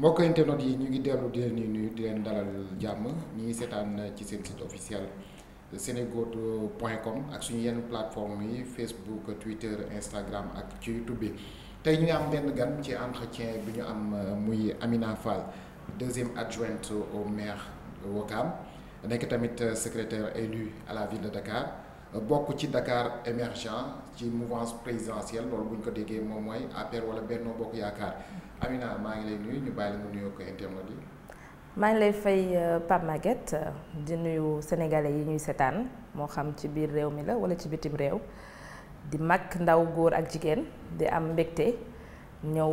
mbokk internet yi ñu ngi dellu di leen nuy di leen dalal jàmm ñu ngi seetaan ci seen site officiel senegold point com ak suñu yenn plateforme yi Facebook Twitter Instagram ak ci YouTube bi tey ñu ngi am benn gan ci entretien bi ñu am euh, muy Amina Fall deuxième adjointe au maire Ouakam nekk tamit euh, secrétaire élu à la ville de Dakar bokk ci Dakar émergent ci mouvance présidentielle loolu bu ñu ko déggee moom mooy APR wala Benno Bokk Yaakaar Amina maa ngi lay nuyu ñu bàyyi la mu ko internet yi. maa ngi lay fay euh, Pape Maguette di nuyu sénégalais yi ñuy setaan moo xam ci biir réew mi la wala ci bitim réew di mag ndaw góor ak jigéen di am mbégte ñëw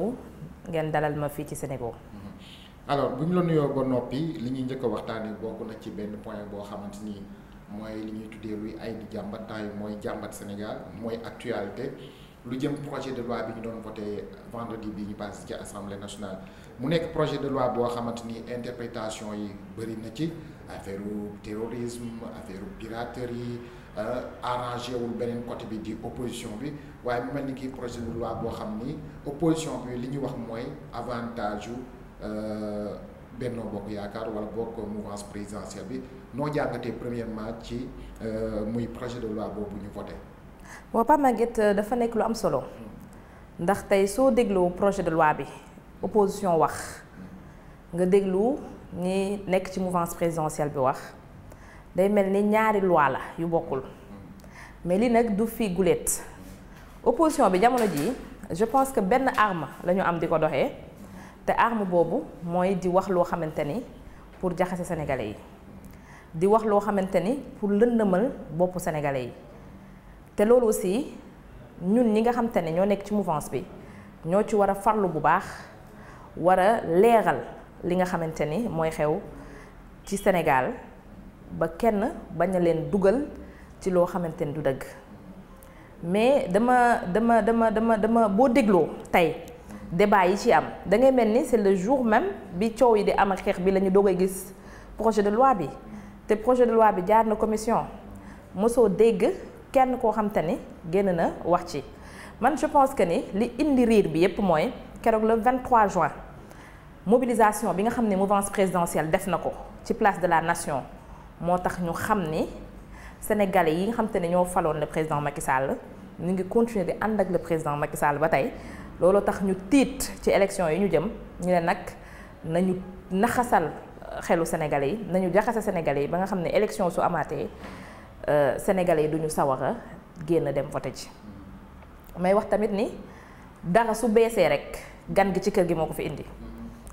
ngeen dalal ma fii ci Sénégal. Mm-hmm. alors bu ñu la nuyoo ba noppi li ñuy njëkk waxtaan waxtaanee bokk na ci benn point boo xamante ni mooy li ñuy tuddee luy ay di jàmbat mooy jàmbat Sénégal mooy actualité. lu jëm projet de loi bi ñu doon voté vendredi bi ñu passé ci assemblée nationale mu nekk projet de loi boo xamante ni interprétation yi bëri na ci affaire terrorisme affaire piraterie euh, arrangé wul beneen côté bi di opposition bi waaye mu mel ni kii projet de loi boo xam ni opposition bi li ñu wax mooy avantage yu euh, Benno Bokk Yaakaar wala bokk mouvance présidentielle bi noo jàngatee premièrement ci euh, muy projet de loi boobu ñu voté. waaw Pape Maguette euh, dafa nekk lu am solo ndax tey soo dégloo projet de loi bi opposition wax nga déglu ñi nekk ci mouvance présidentielle bi wax day mel ni ñaari loi la yu bokkul mais li nag du fi guléet opposition bi jamono ji je pense que benn arme la ñu am di ko doxee te arme boobu mooy di wax loo xamante ni pour jaxase sénégalais yi di wax loo xamante ni pour lëndëmal boppu sénégalais yi te loolu aussi ñun ñi nga xam te ne ñoo nekk ci mouvance bi ñoo ci war a farlu bu baax war a leeral li nga xamante ni mooy xew ci Sénégal ba kenn bañ a leen dugal ci loo xamante ni du dëgg mais dama dama dama dama dama boo dégloo tey débat yi ci am da ngay mel ni c'est le jour même bi coow yi di am ak xeex bi lañu ñu doogay gis projet de loi bi te projet de loi bi jaar na commission mosoo dégg kenn koo xam te génn na wax ci man je pense que ni li indi riir bi yépp mooy keroog le 23 juin mobilisation bi nga xam ne mouvance présidentielle def na ko ci place de la nation moo tax ñu xam ni sénégalais yi nga xam ne ñoo faloon le président Macky Sall ñu ngi continuer di ànd ak le président Macky Sall ba tey looloo tax ñu tiit ci élection yi ñu jëm ñu ne nag nañu naxasal xelu sénégalais yi nañu jaxase sénégale yi ba nga xam ne élection su amaatee Euh, sénégal yi duñu sawar a génn dem voté ji may wax tamit ni dara su beesee rek gan gi ci kër gi moo ko fi indi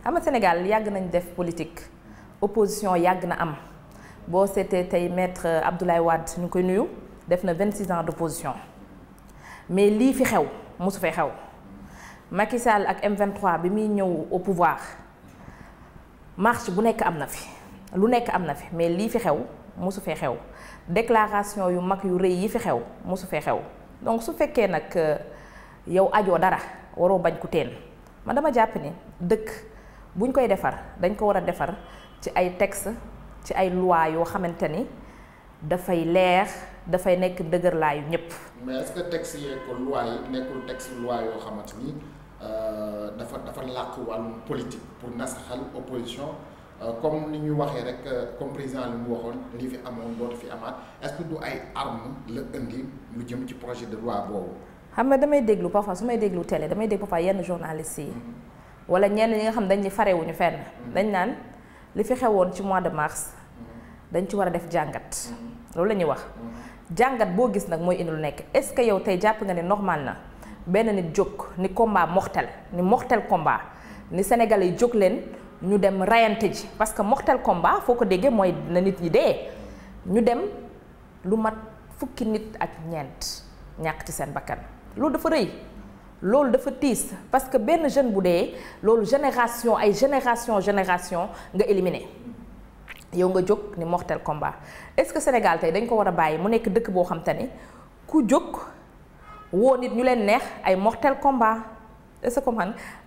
xam Sénégal yàgg nañ def politique opposition yàgg na am boo seetee tey maître Abdoulaye Wade ñu ngi koy nuyu def na 26 ans d' opposition mais lii fi xew mosu fay xew Macky ak m bi muy ñëw au pouvoir marche bu nekk am na fi lu nekk am na fi mais lii fi xew. mosu fee xew déclaration yu mag yu rëy yi fi xew mosu fee xew donc su fekkee nag euh, yow ajoo dara waroo bañ ku teen man dama jàpp ni dëkk buñ koy defar dañ ko war a defar ci ay texte ci ay loi yoo xamante ni dafay leer dafay nekk dëgërlaayu ñëpp. Euh, dafa dafa làkk wàllum politique pour nasaxal opposition. Euh, comme ni ñu waxee rek euh, comme président li mu waxoon lii fi amoon dootu fi amaat est-ce que du ay arme la indi lu jëm ci projet de loi boobu. xam nga damay déglu parfois su may déglu télé damay déglu parfois yenn journalistes yi mm-hmm. wala ñenn ñi nga xam dañ ñu farewuñu fenn mm-hmm. dañ naan li fi xewoon ci mois de mars mm-hmm. dañ ci war a def jàngat loolu la ñuy wax jàngat boo gis nag mooy indi lu nekk est-ce que yow tey jàpp nga ne normal na benn nit jóg ni combat mortel ni mortel combat ni Sénégalais jóg leen. ñu dem rayante ji parce que mortel combat foo ko déggee mooy na nit ñi dee ñu dem lu mat fukki nit ak ñeent ñàkk ci seen bakkan loolu dafa rëy loolu dafa tiis parce que benn jeune bu dee loolu génération ay génération génération nga éliminé yow nga jóg ni mortel combat est-ce que Sénégal tey dañ ko war a bàyyi mu nekk dëkk boo xam te ku jóg woo nit ñu leen neex ay mortel combat est-ce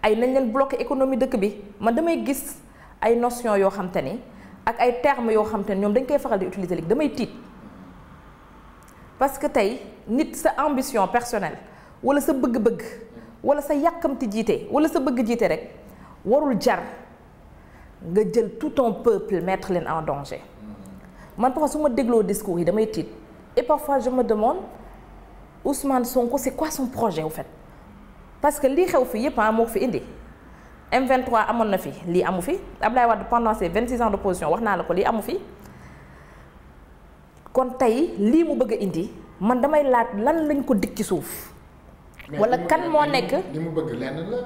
ay nañ leen économie dëkk bi man damay gis ay notion yoo xam te ni ak ay termes yoo xam te ni ñoom dañ koy faxal di utiliser léegi damay tiit parce que tey nit sa ambition personnelle wala sa bëgg-bëgg wala sa yàkkamti jiite wala sa bëgg jiite rek warul jar nga jël tout ton peuple mettre leen en danger man parfois su ma dégloo discours yi damay tiit et parfois je me demande Ousmane Sonko c'est quoi son projet au fait parce que lii xew fi yëpp ah moo ko fi indi M23 amoon na fi lii amu fi Abdoulaye Wade pendant ses 26 ans d'opposition wax naa la ko lii amu fi kon tey lii mu bëgg a indi man damay laaj lan lañ ko dikki suuf. walla kan moo nekk li mu bëgg lenn la.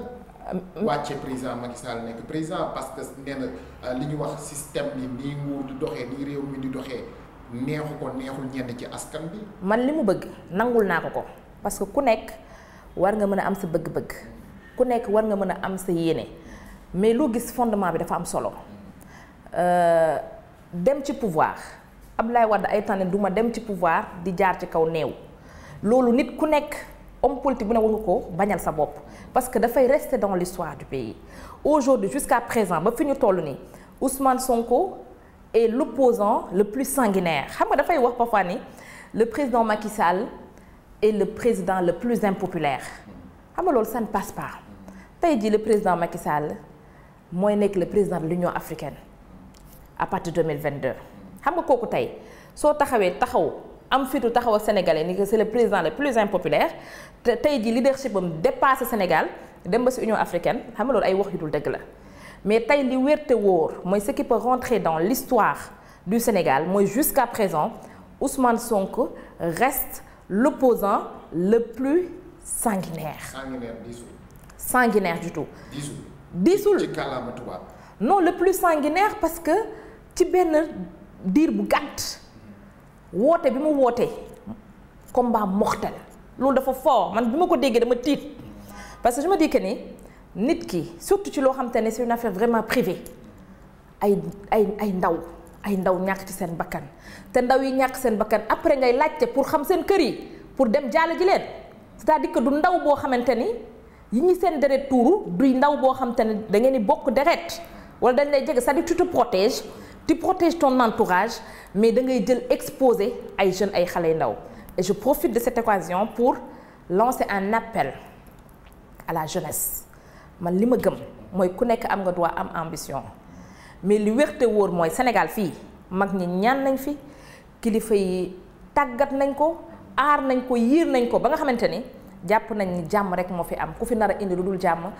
Euh, wàcce président Macky Sall nekk président parce que nee euh, li ñu wax système bi nii nguur di doxee nii réew mi di doxee neexu ko neexul ñenn ci askan bi. man li mu bëgg nangul naa ko ko parce ku nekk. war nga mën a am sa bëgg-bëgg ku nekk war nga mën a am sa yéene mais loo gis fondement bi dafa am solo euh, dem ci pouvoir Abdoulaye Wade ay tànn du ma dem ci pouvoir di jaar ci kaw néew loolu nit ku nekk homme politique bu ne war nga ko bañal sa bopp parce que dafay rester dans l'histoire du pays aujourd'hui jusqu'à présent ba fi ñu toll nii Ousmane Sonko est l'opposant le plus sanguinaire xam nga dafay wax parfois ni le président Macky est le président le plus impopulaire xam nga loolu ça ne tey jii le président Macky Sall mooy nekk le président de l'Union africaine à partir de 2022 xam nga kooku tey soo taxawee taxaw am fitu taxaw ak sénégalais ni que c'est le président le plus impopulaire te tey jii leadership am dépassé Sénégal dem ba si Union africaine xam ay wax yu dul dëgg la mais tey li wér te wóor mooy ce qui peut rentrer dans l'histoire du Sénégal mooy jusqu'à présent Ousmane sonk reste l'opposant le plus sanguinaire. sanguinaire diisul. sanguinaire du tout. diisul. diisul ci kàllaama tubaab. le plus sanguinaire parce que ci benn diir bu gàtt woote bi mu woote wootee combat mortel loolu dafa fort man bi ma ko déggee dama tiit parce que je me dis ni nit ki surtout ci loo xam te ne c'est une affaire vraiment privée ay ay ay ndaw. ay ndaw ñàkk ci seen bakkan te ndaw yi ñàkk seen bakkan après ngay laajte pour xam seen kër yi pour dem jaale ji leen c'est-à-dire du ndaw boo xamante ni yi ñi seen deret tuuru duy ndaw boo xamante ni da ngeen di bokk deret wala dañ lay jege sa à dire tu te protèges tu ton entourage mais da ngay jël exposé ay jeunes ay xale ndaw et je profite de cette occasion pour lancer un appel à la jeunesse man li ma gëm mooy ku nekk am nga droit am ambition mais li wérte wóor mooy Sénégal fii mag ñi ñaan nañ fi kilifa yi tàggat nañ ko aar nañ ko yiir nañ ko ba nga xamante ni jàpp nañ ni jàmm rek moo fi am ku fi nar a indi lu dul jàmm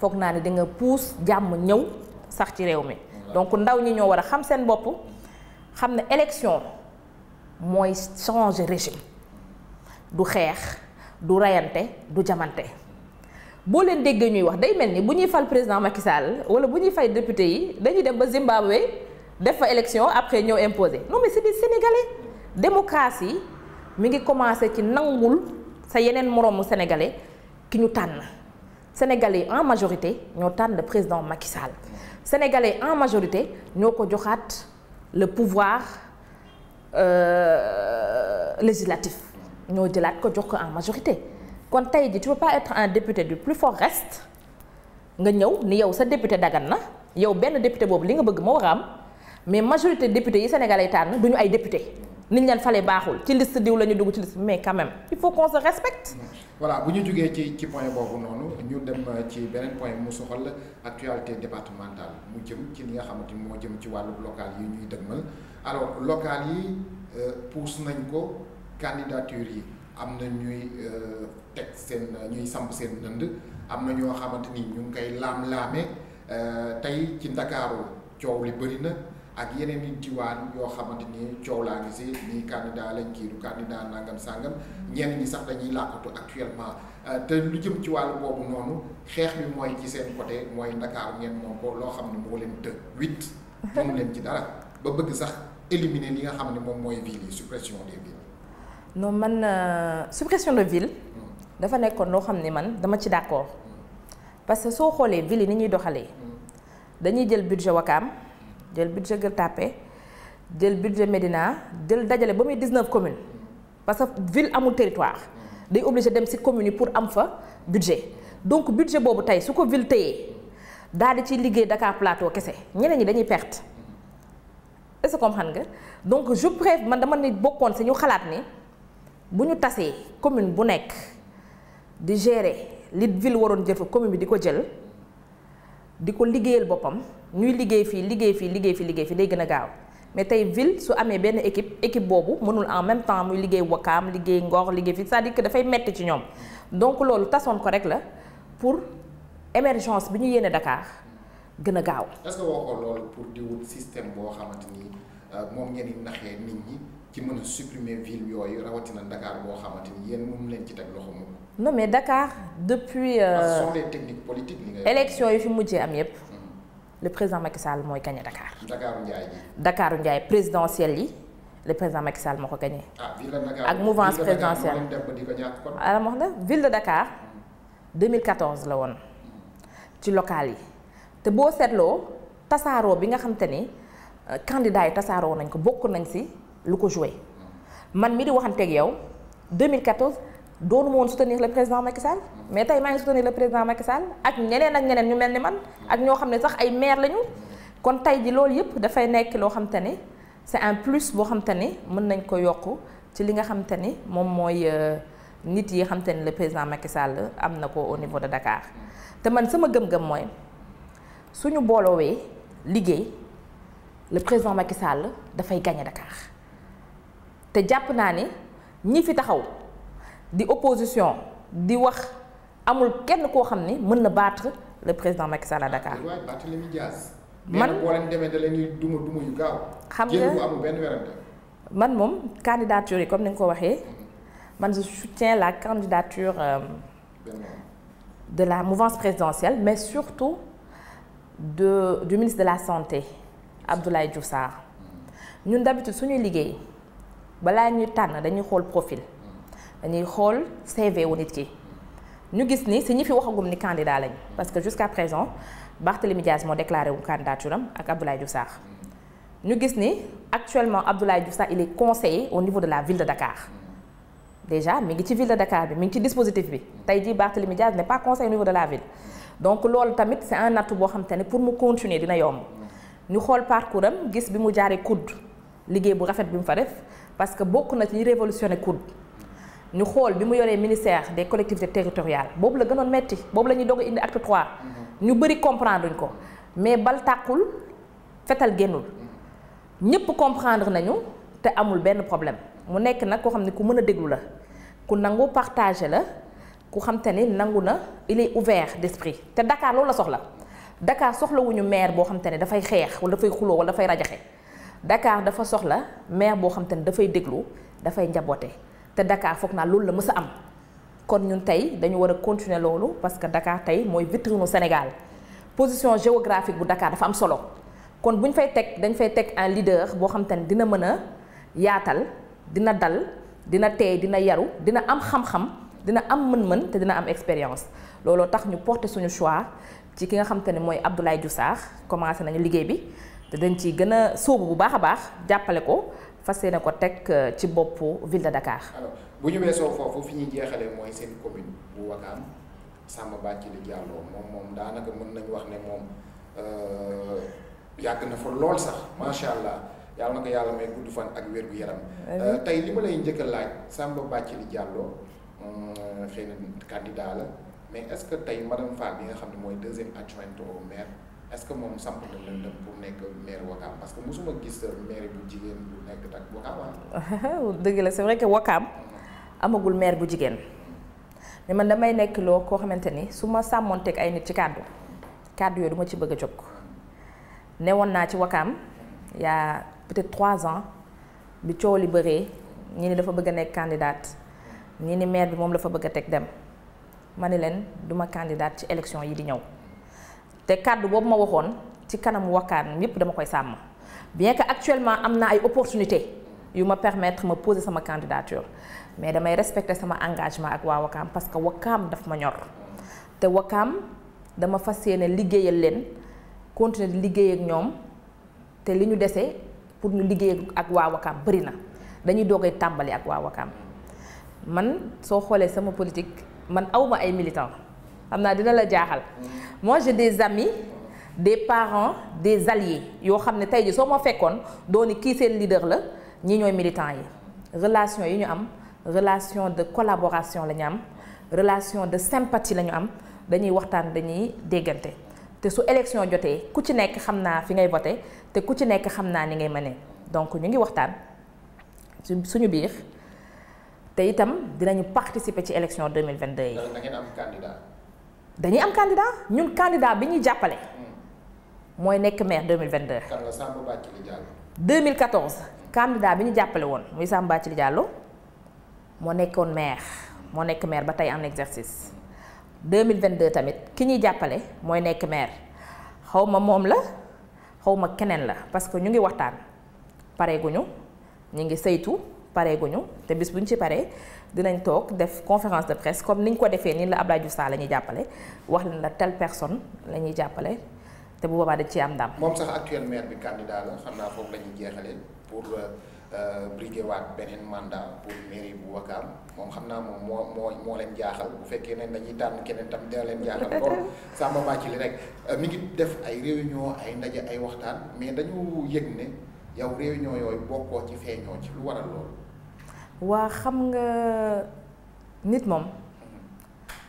foog naa ne di nga puus jàmm ñëw sax ci réew mi. donc ndaw ñi ñoo war a xam seen bopp xam ne élection mooy changer régime du xeex du reyante du jamante. boo leen déggee ñuy wax day mel ni bu ñuy fal président Macky wala bu ñuy fay député yi dañuy dem ba Zimbabwe def fa élection après ñëw imposé non mais c'est des sénégalais démocratie mi ngi commencé ci nangul sa yeneen moroomu sénégalais ki ñu tànn sénégalais en majorité ñoo tànn le président Macky Sall sénégalais en majorité ñoo ko joxaat le pouvoir euh, législatif ñoo jëlaat ko jox ko en majorité. kon tey ji tu peux pas être un député du plus fort reste nga ñëw ni yow sa député dagan na yow benn député boobu li nga bëgg moo war am mais majorité député yi Sénégal tànn du ñu ay député niñ leen fale baaxul ci liste diw la ñu dugg ci liste mais quand même il faut qu'on se respecte. voilà bu ñu jugee ci ci point boobu noonu ñu dem euh, ci beneen point mu soxal actualité départementale mu jëm ci li nga xamante ni moo jëm ci wàllu local yi ñuy dëgmal alors local yi euh, pousse nañ ko candidature yi am na ñuy. Euh, teg seen samp seen dënd am na ñoo xamante ni ñu ngi koy laam-laame euh, tey ci ndakaaru coow li bëri na ak yeneen i diwaan yoo xamante ni coow laa ngi si nii lañ kii du candidat nangam sangam ñenn ñi sax dañuy làkkatu actuellement euh, te lu jëm ci wàllu boobu noonu xeex bi mooy ci seen côté mooy ndakaaru ngeen moom ko loo xam ne moo leen të huit moom leen ci dara ba bëgg sax éliminer li nga xam ne moom mooy ville yi suppression des villes non man euh, suppression de ville hmm. dafa nekkoon loo xam ne man dama ci d'accord parce que soo xoolee ville ni ñuy doxalee dañuy jël budget Wakaam jël budget Gueule Tapée jël budget Médina jël dajale ba muy 19 commune parce que ville amul territoire day obligé dem ci commune yi pour am fa budget donc budget boobu tey su ko ville tëyee daal di ci liggéey Dakar Plateau kese ñeneen ñi dañuy perte est-ce que xam nga donc je préfère man dama ne bokkoon ci ñu xalaat ni bu ñu tasee commune bu nekk. di gérer li ville waroon jël fa commune bi di ko jël di ko liggéeyal boppam ñuy liggéey fii liggéey fii liggéey fii liggéey fii day gën a gaaw mais tey ville su amee benn équipe équipe boobu mënul en même temps muy liggéey Wakaam liggéey Ngor liggéey fii sa à dafay metti ci ñoom donc loolu tasoon ko rek la pour émergence bi ñu yéene Dakar gën a gaaw. loolu pour di système boo xamante ni euh, moom yooyu rawatina Dakar boo xamante ni yéen non mais Dakar depuis. Euh, ah, sont les techniques politiques élection yi fi mujjee am yépp le président Macky mooy gagné Dakar. dakaaru Ndiaye ji. Dakaru présidentielle yi le président Macky Sall moo ko gagné. Ah, ak mouvance présidentielle ah wax na ville de Dakar 2014 la woon ci local yi te boo seetloo tasaaroo bi nga xam ni euh, candidats yi tasaaroo nañ ko bokk nañ si lu ko joué man mi di waxanteeg yow 2014. doonu ma woon soutenir le président Macky Sall mais tey maa ngi soutenir le président Macky Sall ak ñeneen ak ñeneen ñu mel ni man ak ñoo xam ne sax ay maire lañu kon tey ji loolu yëpp dafay nekk loo xam te ne c'est un plus boo xam te mën nañ ko yokk ci li nga xam te moom mooy euh, nit yi xam te ne le président Macky Sall am na ko au niveau de dakaar te man sama gëm-gëm mooy suñu wee liggéey le président Macky Sall dafay gagner Dakar te jàpp naa ni ñi fi taxaw. di opposition di wax amul kenn koo xam ni mën na battre le président Macky Sall à Dakar. waaw Barthélémy Dias. man xam man moom candidature yi comme ni nga ko waxee man je soutiens la candidature euh, de la mouvance présidentielle mais surtout de du ministre de la santé Abdoulaye Diouf Sarr mm. ñun d'habitude suñuy liggéey balaa ñuy tànn dañuy xool profil. dañuy xool CV wu nit ñu gis ni si ñu fi waxagum ni candidat lañ parce que jusqu'à présent Barthélémy Dias moo déclaré wu candidature am ak Abdoulaye Diouf Sarr ñu gis ni actuellement Abdoulaye Diouf Sarr il est conseiller au niveau de la ville de Dakar déjà mi ngi ci ville de Dakar bi mi ngi ci dispositif bi tey jii Barthélémy Dias n'est pas conseiller au niveau de la ville donc loolu tamit c'est un atout boo xam te ne pour mu continuer dina yomb ñu xool parcours am gis bi mu jaaree COUD liggéey bu rafet bi mu fa parce que bokk na ci révolutionné COUD ñu xool bi mu yoree ministère des collectivités territorial boobu la gënoon metti boobu la ñuy doog a indi acte 3 ñu bëri comprendre ñu ko mais bal tàkkul fetal génnul ñëpp comprendre nañu te amul benn problème mu nekk nag koo xam ne ku mën a déglu la ku nangu partagé la ku xam te ni nangu na il est ouvert d'esprit te Dakar loolu la soxla Dakar soxlawuñu maire boo xam te ne dafay xeex wala dafay xuloo wala dafay rajaxe dakaar dafa soxla maire boo xam ne dafay déglu dafay njaboote te Dakar foog naa loolu la mës a am kon ñun tey dañu war a continuer loolu parce que Dakar tey mooy vitrine Sénégal position géographique bu Dakar dafa am solo kon bu ñu fay teg dañ fay teg un leader boo xam te ne dina mën a yaatal dina dal dina teey dina yaru dina am xam-xam dina am mën-mën te dina am expérience looloo tax ñu porter suñu choix ci ki nga xam te ne mooy Abdoulaye Diouf Sarr commencé nañu liggéey bi te dañ ci gën a sóobu bu baax a baax jàppale ko fas yéene ko teg euh, ci boppu ville de Dakar. bu ñu weesoo foofu fi ñuy jeexalee mooy seen commune bu Wakaam Samba Bathily jàlloo moom moom daanaka mën nañu wax ne moom euh, yàgg na fa lool sax macha allah yàlla na yàlla may gudd fan ak wér gu yaram. Euh, tey li ma lay njëkk a laaj Samba Bathily Diallo xëy na candidat la mais est-ce que tey madame Fall bi nga xam ne mooy deuxième adjointe au est-ce que moom samp na nekk maire Wakaam parce que mosuma gis maire bu jigéen bu nekk tak Wakaam ah. que Wakaam amagul maire bu jigéen mais man damay nekk loo koo xamante ni su ma teg ay nit ci kàddu kàddu yooyu du ma ci bëgg a jóg ne woon naa ci Wakaam yaa a peut-être trois ans bi coow li bëree ñi ni dafa bëgg a nekk candidate ñi ni maire bi moom la fa bëgg a teg dem ma ni leen duma candidate ci élection yi di ñëw te kàddu boobu ma waxoon ci kanam wakkaan yépp dama koy sàmm bien que actuellement am na ay opportunité yu ma permetre ma poser sama candidature mais damay respecter sama engagement ak waa wakkaam parce que wakkaam daf ma ñor te wakkaam dama fas yéene liggéeyal leen continuer liggéey ak ñoom te li ñu dese pour ñu liggéey ak waa wakkaam bëri na dañuy doogay tàmbali ak waa wakkaam man soo xoolee sama politique man awma ay militant xam naa dina la jaaxal moi j'ai des amis des parents des alliés yoo xam ne tey ji soo ma fekkoon dooni kii seen leader la ñi ñooy militants yi relation yi ñu am relation de collaboration la ñu am relation de sympathie la ñu am dañuy waxtaan dañuy déggante te su élection jotee ku ci nekk xam naa fi ngay voté te ku ci nekk xam naa ni ngay mënee donc ñu ngi waxtaan suñu biir te itam dinañu participer ci élection 2022 yi. da ngeen am dañuy am candidat ñun candidat bi ñuy jàppale. mooy nekk maire 2022. kan la Samba Bathily Diallo. 2014 bi ñu jàppale woon muy Samba Bathily Diallo moo nekkoon maire moo nekk maire ba tey en exercice 2022 tamit ki ñuy jàppale mooy nekk maire xaw ma moom la xaw ma keneen la parce que ñu ngi waxtaan pareeguñu ñu ngi saytu. pareeguñu te bis buñ ci paree dinañ toog def conférence de presse comme niñ ko defee nii la Abdoulaye Diouf Sarr la ñuy jàppale wax leen la telle personne la ñuy jàppale te boobaa dañ ci am ndam. moom sax actuel bi candidat la xam naa foofu la ñuy pour euh, euh, briguer waat beneen mandat pour mairie bu Wakaam moom xam naa moom moo moo moo leen jaaxal bu fekkee ne dañuy tànn keneen tam dina leen jaaxal lool Samba Bathily rek euh, mi ngi def ay réunion ay ndaje ay waxtaan mais dañu yëg ne yow réunion yooyu bokkoo ci feeñoo ci lu waral loolu. waa xam nga nit moom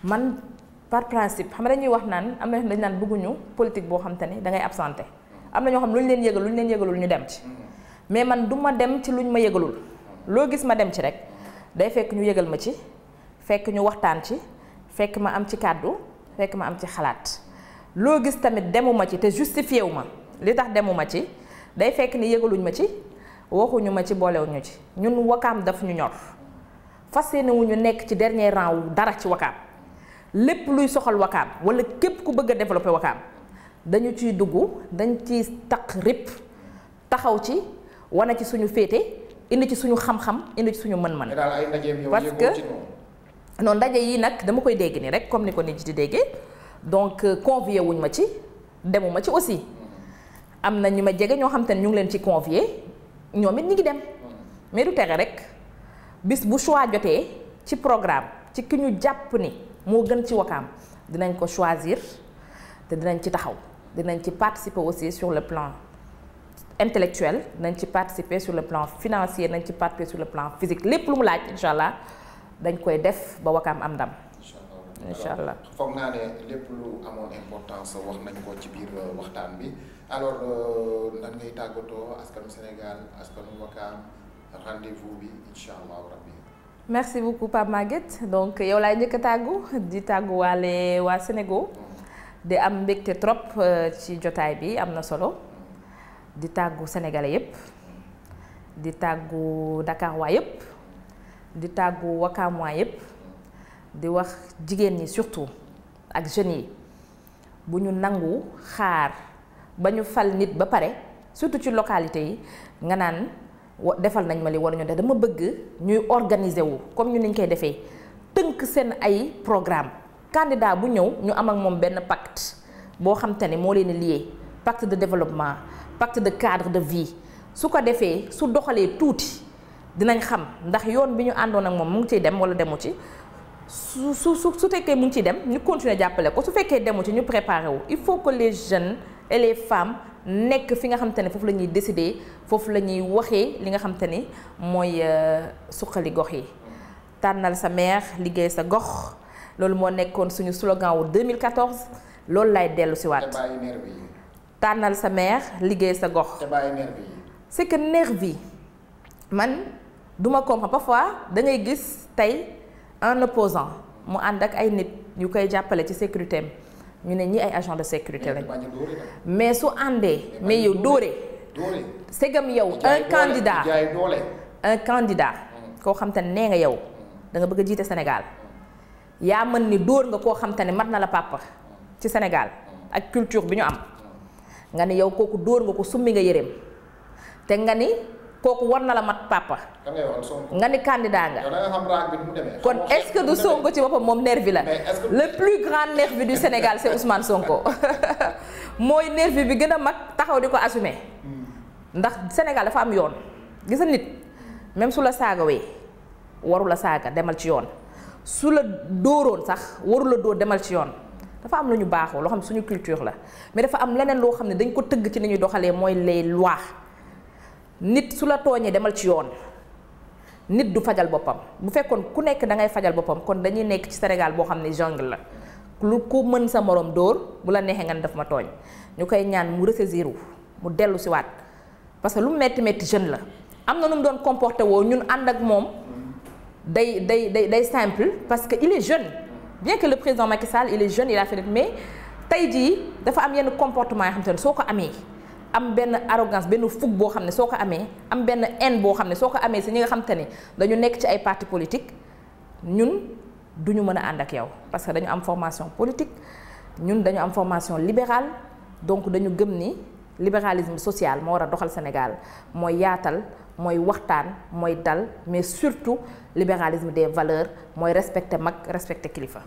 man par principe xam nga dañuy wax naan am na ñoo xam dañu naan bëgguñu politique boo xam te ni da ngay absenté am na ñoo xam lu ñu leen yëgal lu ñu leen yëgalul ñu dem ci mais man du ma dem ci lu luñ ma yëgalul loo gis ma dem ci rek day fekk ñu yëgal ma ci fekk ñu waxtaan ci fekk ma am ci kàddu fekk ma am ci xalaat loo gis tamit demuma ci te justifié wu ma li tax demuma ci day fekk ni yëgaluñ ma ci waxuñu ma ci boolewuñu ci ñun wakaam daf ñu ñor fas yéene nekk ci dernier rang wu dara ci wakaam lépp luy soxal wakaam wala képp ku bëgg a développer wakaam dañu ciy dugg dañ ciy taq rip taxaw ci wane ci suñu féete indi ci suñu xam-xam indi ci suñu mën-mën. parce que non ndaje yi nag dama koy dégg nii rek comme ni ko nit di déggee donc euh, convier wuñ ma ci demuma ci aussi mm-hmm. am na ñu ma jege ñoo xam te ne ñu ngi leen ci convier. ñoom it ñi ngi dem mais du tere rek bis bu choix jotee ci programme ci ki ñu jàpp ni moo gën ci wakaam dinañ ko choisir te dinañ ci taxaw dinañ ci participer aussi sur le plan intellectuel dinañ ci participer sur le plan financier dinañ ci participer sur le plan physique lépp lu mu laaj incha allah dañ koy def ba wakaam am ndam incha allah foog naa ne lépp lu amoon importance wax nañ ko ci biir euh, waxtaan bi alors euh, nan ngay tàggatoo askanu Sénégal askanu Wakaam rendez-vous bi incha allah rabbi merci beaucoup Pape Maguette donc yow laay njëkk a tàggu di tàgguwaale waa Sénégal di am mbégte trop euh, ci jotaay bi am na solo di tàggu sénégalais yépp di tàggu Dakar waa yépp di tàggu Wakaam waa yépp di wax jigéen ñi surtout ak jeunes yi bu ñu nangu xaar ba ñu fal nit ba pare surtout ci localité yi nga naan defal nañ ma li waruñu def dama bëgg ñuy organiser wu comme ñu niñ koy defee tënk seen ay programme candidat bu ñëw ñu am ak moom benn pacte boo xam te ne moo leen lié pacte de développement pacte de cadre de vie su ko defee su doxalee tuuti dinañ xam ndax yoon bi ñu àndoon ak moom mu ngi ciy dem wala demu ci su su su su fekkee mu ngi ciy dem ñu continuer jàppale ko su fekkee demu ci ñu préparé wu il faut que les jeunes et les femmes nekk fi nga xamante ne foofu la ñuy décider foofu la ñuy waxee li nga xamante ni mooy euh, suqali gox yi tànnal sa maire liggéey sa gox loolu moo nekkoon suñu slogan wu 2014 loolu lay dellu si tànnal sa maire liggéey sa gox c'est que man duma comprendre parfois da ngay gis tey un opposant mu ànd ak ay nit ñu koy jàppale ci sécurité am ñu ne ñi ay agent de sécurité lañ mais su àndee mais yow dóore segam yow un candidat un mm. candidat koo xam te ne nee nga yow da nga bëgg a jiite Sénégal yaa mën ni dóor nga koo xam te ne mat na la papa ci Sénégal ak culture bi ñu am mm. nga ni yow kooku dóor nga ko summi nga yëreem te nga ni kooku war na la mat papa. nga ni candidat nga. kon est-ce que du Sonko ci boppam moom nervi la. le plus grand nervi du Sénégal c'est Ousmane Sonko. mooy nervi bi gën a mag taxaw di ko assumer. Hmm. ndax Sénégal dafa am yoon. gis nit même su la saagawee waru la saaga demal ci yoon su la dóoroon sax waru la dóor demal ci yoon. dafa am lu ñu baaxoo loo xam suñu culture la mais dafa am leneen loo xam ne dañ ko tëgg ci ni ñuy doxalee mooy les lois. nit su la tooñee demal ci yoon nit du fajal boppam bu fekkoon ku nekk da ngay fajal boppam kon dañuy nekk ci Sénégal boo xam ne jungle la lu ku mën sa morom dóor bu la neexee nga ne daf ma tooñ ñu koy ñaan mu ressaisir mu dellu si waat parce que lu metti metti jeune la am na nu mu doon comporté woo ñun ànd ak moom day day day day simple parce que il est jeune bien que le président Macky Sall il est jeune il a fait mais tey jii dafa am yenn comportement yoo xam soo ko amee. am benn arrogance benn fug boo xam ne soo ko amee am benn haine boo xam ne soo ko amee si ñi nga xam te ne dañu nekk ci ay parti politique ñun duñu mën a ànd ak yow parce que dañu am formation politique ñun dañu am formation libérale donc dañu gëm ni libéralisme social moo war a doxal Sénégal mooy yaatal mooy waxtaan mooy dal mais surtout libéralisme des valeurs mooy respecter mag respecter kilifa.